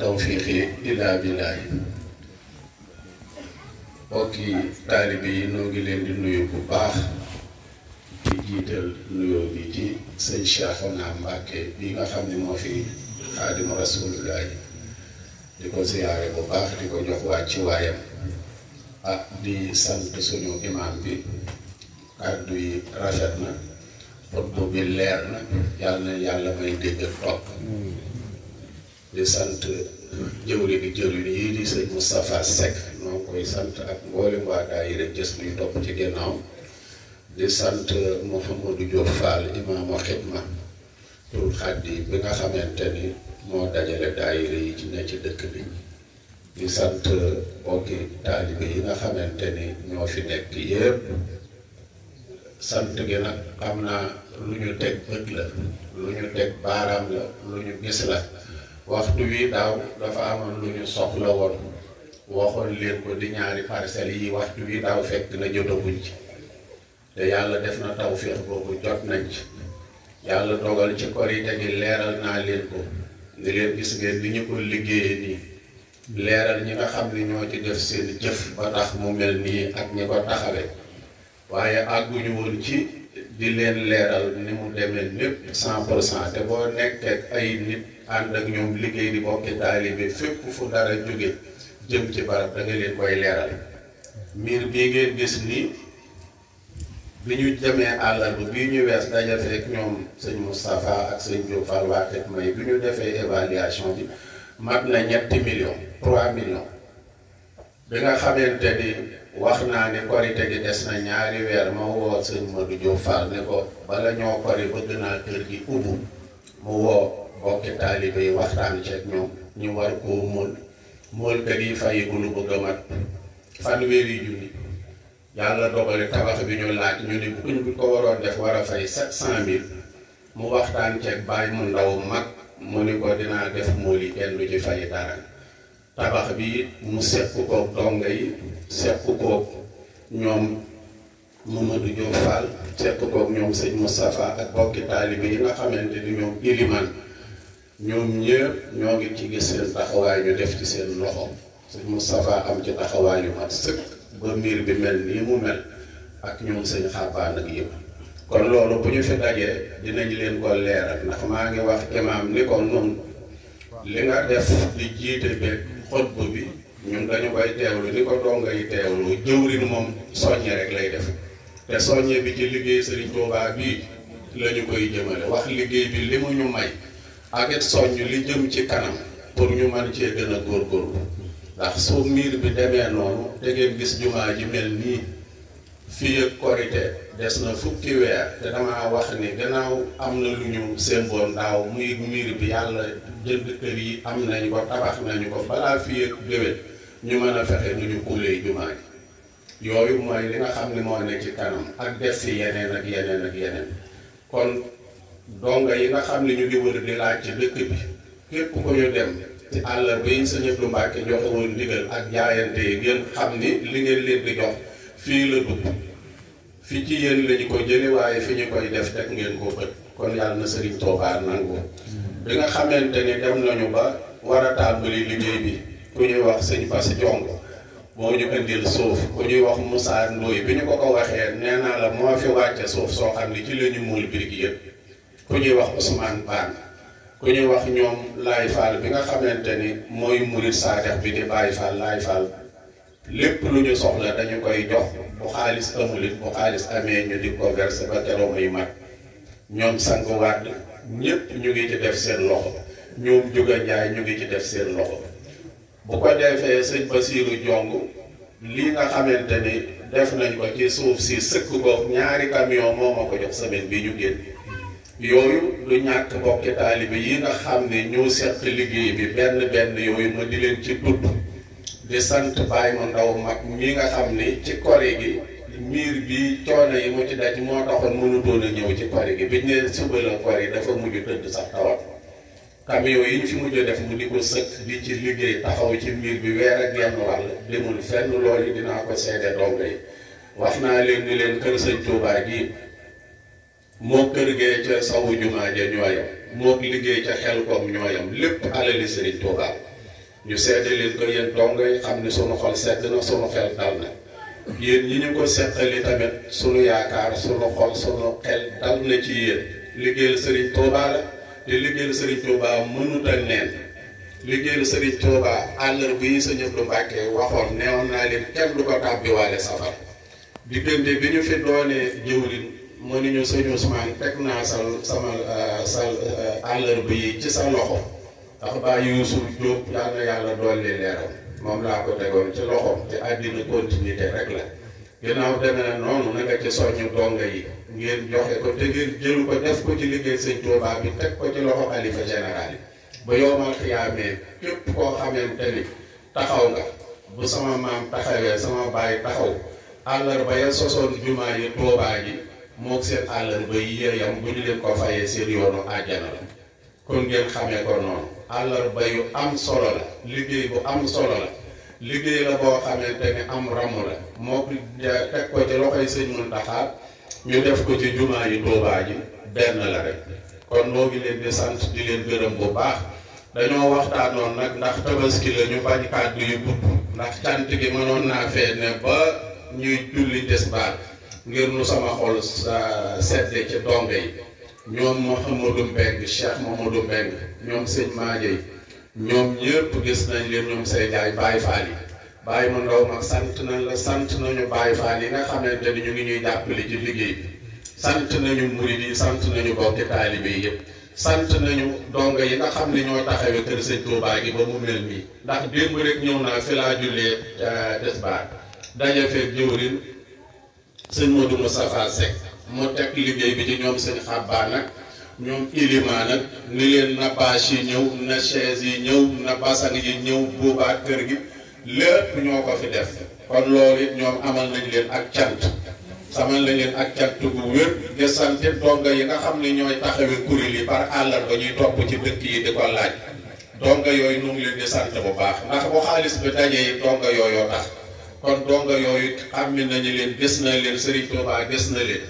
tawfiqi illa billahi mbokki taalibe yi noo ngi leen di nuyu bu baax di jiital nuyoo bi ci sëñ Cheikhuna Mbàkke bi nga xam ne moo fi xaadimu rasulullah di ko ziyaare bu baax di ko jox wàcc waayam ah di sant suñu imaam bi kàddu yi rafet na xutbu bi leer na yàlla yàlla may dégg topp di sant jëwri ni jëwri yii di sëñ Moustapha Seck noo koy sant ak mboolem waa daayira jës muy topp ci ginnaaw di sant Mouhamadou Diop Fall imaamu xidma tul xaddi nga xamante ni moo dajale daayira yi ci dëkk bi di sant yi nga xamante ni ñoo fi nekk yépp sant gi nag xam naa lu ñu teg bët la lu ñu teg baaraam la lu ñu gis la waxtu wi daaw dafa amoon lu ñu soxla woon waxoon leen ko di ñaari parcelles yi waxtu wi daaw fekk na jotaguñ ci te yàlla def na tawféex boobu jot nañ ci yàlla dogal ci korite gi leeral naa leen ko ni leen gis ngeen ni ñu ko liggéeyee nii leeral ñi nga xam ne ñoo ci def seen jëf ba tax mu mel nii ak ñi ko taxawee waaye àgguñu woon ci di leen leeral ni mu demee lépp cent pour cent te boo nekkee ay nit ànd ak ñoom liggéey di bokki taalibe fépp fu dara jóge jëm ci barab da leen koy leeral miir bii ngeen gis nii bi ñu jëmee àllarba bii ñu wees daje ñoom sëñ Moustapha ak sëñ Diop Fall waa may bi ñu defee évaluation bi mat na ñetti million trois millions bi nga xamante ni wax naa ne korite gi des na ñaari weer ma woo sëñ Modou Diop Fall ne ko bala ñoo kori bëgg naa kër gi ubbu mu woo bokki taalibe yi waxtaan ceeg ñoom ñu war koo mool moolkat yi fay bu lu bëgg a mat yàlla dogale tabax bi ñu laaj ñu ne buñ ko waroon def war a fay sept cent mille mu waxtaan ceeg bàyyi mu ndaw mag mu ni ko dinaa def mool yi kenn du ci fay dara tabax bi mu seq koog donga yi seq koog ñoom Mamadou Diop Fall seq koog ñoom sëñ Moustapha ak bokki taalibe yi nga xamante ni ñoom iliman ñoom ñëpp ñoo ngi ci gis seen taxawaay ñu def ci seen loxo sëñ Moustapha am ci taxawaay yu mat sëkk ba miir bi mel nii mu mel ak ñoom sëñ xàbbaan yëpp kon loolu bu ñu fi dajee dinañ leen ko leeral ndax maa ngi wax imaam ni ko noonu li nga def di jiite beeg xutba bi ñun dañu koy teewlu ni ko doo ngay teewlu jëwrin moom soññe rek lay def te soññe bi ci liggéey sëriñ Tuubaa bii lañu koy jëmale wax liggéey bi li mu ñu may ak it soññ li jëm ci kanam pour ñu mën cee gën a góorgóorlu ndax su miir bi demee noonu da ngeen gis jumaa ji mel nii fii ak korite des na fukki weer te damaa wax ni gannaaw am na lu ñu semboon daaw muy miir bi yàlla jënd kër yi am nañ ko tabax nañu ko balaa fii ak déwén ñu mën a fexe nu ñu kullee jumaa ji yooyu mooy li nga xam ne moo ne ci kanam ak def fi yeneen ak yeneen ak yeneen kon donga yi nga xam ne ñu ngi wër di laaj bi képp ko ñu dem ci àllarba yi sa ñëpp Mbàkke joxe woon ak jaayante yi ngeen xam ni li ngeen leen di jox fii la dugg fi ci yéen lañu ko jële waaye fi ñu koy def ngeen ko bët kon yàlla na Sëriñ Tuubaa nangu bi nga xamante ni dem nañu ba war a tàmbali liggéey bi ku ñuy wax sëñ Bass Jong moo ñu indil suuf ku ñuy wax Moussa Ndoye bi ñu ko ko waxee nee naa la moo fi wàcce suuf soo xam ne ci la ñu muul birig ku ñuy wax Ousmane Bane ku ñuy wax ñoom Laay Fall bi nga xamante ni mooy murit saadex bi di Baay Fall Laay Fall lépp lu ñu soxla dañu koy jox bu xaalis amulit bu xaalis amee ñu di ko verser ba keroog muy mag ñoom sang wàdd ñépp ñu ngi ci def seen loxo ñoom juga ñu ngi ci def seen loxo bu ko defee sëñ Basiiru jong lii nga xamante ni def nañ ko ci suuf si sëkk ko ñaari camion moo ma ko jox semaine bi ñu génn yooyu lu ñàkk mbokki taalibe yi nga xam ne ñoo seq liggéey bi benn benn yooyu ma di leen ci tudd di sant bàyyi ma ndaw mag mi nga xam ne ci kore gi miir bi coono yi mu ci daj moo taxoon mënutoon a ñëw ci kore gi biñ ne suba la kore dafa mujj tëdd sax tawat camion yi ci mujj def mu di ko sëkk di ci liggéey taxaw ci miir bi weer ak genn wàll demul fenn loolu dinaa ko seede dongo yi wax naa leen ni leen kër sëñ Tuubaa gi moo kër gee ca sawu jumaa ja ñooyam moo liggéey ca xel koom ñooyam lépp alali Serigne Touba ñu seede leen ko yéen dongo yi xam ne sunu xol sedd na sunu xel dal na yéen ñi ñu ko seqali tamit sunu yaakaar sunu xol sunu xel dal na ci yéen liggéeyal Serigne Touba la liggéeyal Serigne Touba mënut a neen liggéeyal Serigne Touba àllar bi sa ñëpp du Mbàkke waxoon neewoon naa leen kenn du ko tàbbiwaale safar diggante bi ñu fi doonee jëwlin mu ne ñu sëñ Ousmane teg naa sa sama euh, sa euh, àllarba yi ci sa loxo ndax Baye Youssou Diop yal na yàlla dolli leeram moom laa ko tegoon ci loxoom te àddina continuité rek la ginnaaw demee na noonu na ci soññu donga yi ngeen joxe ko te ngeen jël ko def ko ci liggéey sëñ Touba bi teg ko ci loxo xalifa général yi ba yowmal xiyaamee képp koo xamante ni taxaw nga bu sama maam taxawee sama baay taxaw àllarba ya sosoon jumaa yi Touba ji moog seen àllar ba yeyam bu ñu leen ko fayee seen yoonu àjjana la kon ngeen xamee ko noonu àllar ba yu am solo la liggéey bu am solo la liggéey la boo xamante ne am ramu la moo teg ko ci ñu def ko ci jumaa yi benn la rek kon leen di sant di leen gërëm bu baax dañoo waxtaanoon nag ndax tabaski la ñu bañ kàddu yu gudd ndax cant gi mënoon naa fee ne ba ñuy julli des baar ngir nu sama xol sedde ci dongo yi ñoom Mouhamadou Mbengue Cheikh Mouhamadou Mbengue ñoom sëñ Maajey ñoom ñëpp gis nañ leen ñoom say jaay Baye Fall yi Baye ma ndaw mag sant nañ la sant nañu Baye Fall yi nga xam xamante ni ñu ngi ñuy jàppale ci liggéey bi sant nañu murid yi sant nañu bokki taalibe yi yëpp sant nañu dongo yi nga xam ne ñoo taxawee kër sëñ Touba gi ba mu mel nii ndax démb rek ñëw naa fi laa jullee euh, des baar daje feeg jëwrin sëñ Modou Moustapha Seck mu teg liggéey bi ci ñoom seen xabbaa nag ñoom ilimaa nag ni leen na yi ñëw na chaise yi ñëw na basang yi ñëw boobaa kër gi lépp ñoo ko fi def kon loolu ñoom amal nañ leen ak cant samal nañ leen ak cant bu wér de sant donga yi nga xam ne ñooy taxawee kuréel yi par àllar ba ñuy topp ci dëkk yi di ko laaj donga yooyu nu ngi leen di sant bu baax ndax bu xaalis bi dajee yi donga yooyu tax kon donga yooyu na ñu leen gis na leen Serigne Touba gis na leen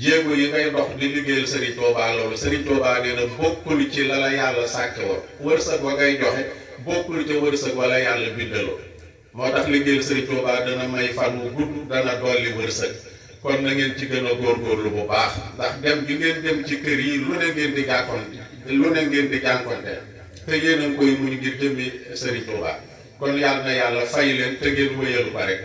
jéego yi ngay dox di liggéeyal Serigne Touba loolu Serigne Touba nee na bokkul ci la la yàlla sàkk woon wërsëg wa ngay joxe bokkul ca wërsëg wala yàlla bindaloo moo tax liggéeyal Serigne Touba dana may fan wu gudd dana dolli wërsëg kon na ngeen ci gën a góorgóorlu bu baax ndax dem gi ngeen dem ci kër yi lu ne ngeen di gàkkoon lu ne ngeen di jànkonte te yéen a ngi koy muñ ngir jëmi Serigne Touba. kon yàlla na yàlla fay leen te ngeen wéyalu ba rek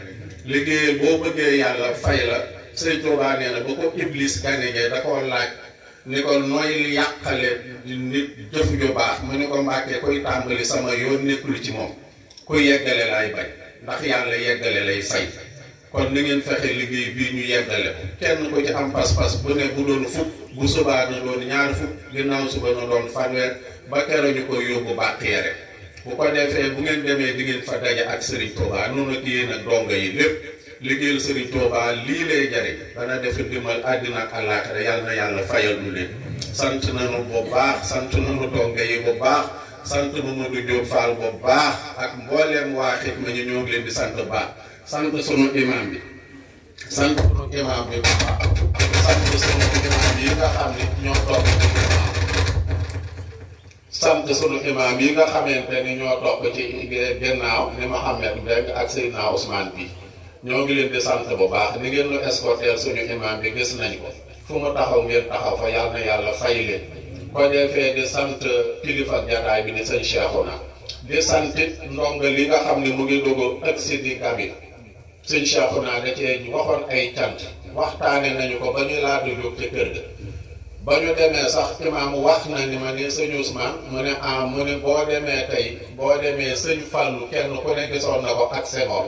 liggéeyal boo bëggee yàlla fay la sëñ Tuubaa nee na ba ko Iblis gañee da koo laaj ni ko nooy li baax mu ni ko mbàkkee koy sama yoon nekkul ci moom kuy yeggale laay bañ ndax yàlla yeggale lay fay kon li ngeen fexe liggéey bii ñu yeggale ko kenn ko ci am pas-pas bu ne bu doon fukk bu subaa na doon ñaar fukk ginnaaw suba na doon fanweer ba keroog ñu koy yóbbu bàq rek bu ko defee bu ngeen demee di fa daje ak Serigne Touba noonu ak yéen ak donga yi lépp liggéey Serigne Touba lii lay jariñ dana defe dimbal àddina ak àllaaxira yàlla na yàlla fayal ñu leen sant nañu bu baax sant nu donga yi bu baax sant Mamadou Diop Fall bu baax ak mbooleem waa Xidma ñu ñoo leen di sant baax sant sunu imam bi sant sunu imam bi bu baax sant sunu imam yi nga xam ne ñoo toog sant sunu imaam yi nga xamante ni ñoo topp ci gannaaw ni Mouhamed Mbeng ak Seydina Ousmane bi ñoo ngi leen di sant bu baax ni ngeen nu escorter suñu imaam bi gis nañ ko fu mu taxaw ngeen taxaw fa yàlla na yàlla fay leen ko defee di sant kilifa jataay bi ni sëñ Cheikhouna di sant ndonga li nga xam ne mu ngi dogo ak sidi kabin sëñ Cheikhouna da cee waxoon ay cant waxtaane nañu ko ba ñu laata jóg ca kër ga ba ñu demee sax imaam wax na ni ma ne sëñ Ousmane mu ne ah mu ne boo demee tey boo demee sëñ Fallou kenn ku ne gisoon na ko ak Senghor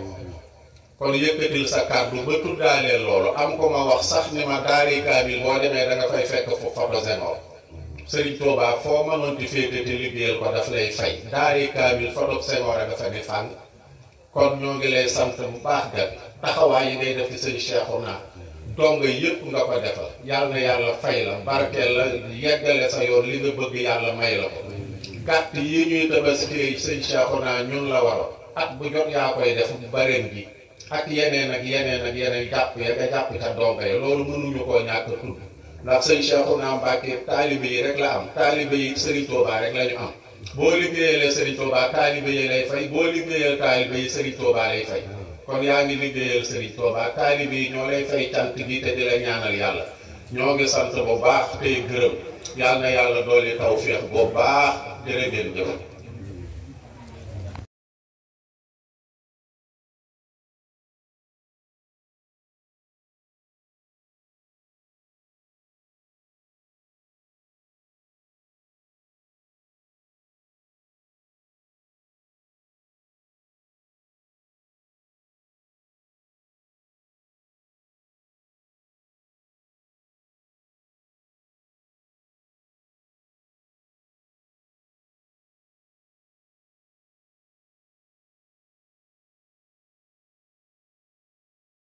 kon yëkkatil sa kàddu ba tuddaalee loolu am ko ma wax sax ni ma daari kaamil boo demee da nga fay fekk fu photo Senghor sëriñ Touba foo mënoon di féete te ko daf lay fay daari kaamil photo Senghor a nga fa ni fànn kon ñoo ngi lay sant bu baax dem taxawaay yi ngay def ci sëñ Cheikhouna dongo yëpp nga ko defal yàlla na yàlla fay la barkeel la yeggale sa yoon li nga bëgg yàlla may la ko gàtt yi ñuy tabaskee sëñ Cheikhouna ñun la waroon at bu jot yaa koy def bareen bi ak yeneen ak yeneen ak yeneen jàpp ya nga jàpp ca dongo yi loolu mënuñu koo ñàkk tudd ndax sëñ Cheikhouna Mbacke taalibe yi rek la am taalibe yi Serigne Touba rek la ñu am boo liggéeyalee Serigne Touba taalibe yi lay fay boo liggéeyal taalibe yi Serigne Touba lay fay kon yaa ngi liggéeyal Serigne Touba ak taalibe yi ñoo lay fay cant gi te di la ñaanal yàlla ñoo ngi sant bu baax tey gërëm yàlla na yàlla dooli tawféex bu baax jërë ngeen jëf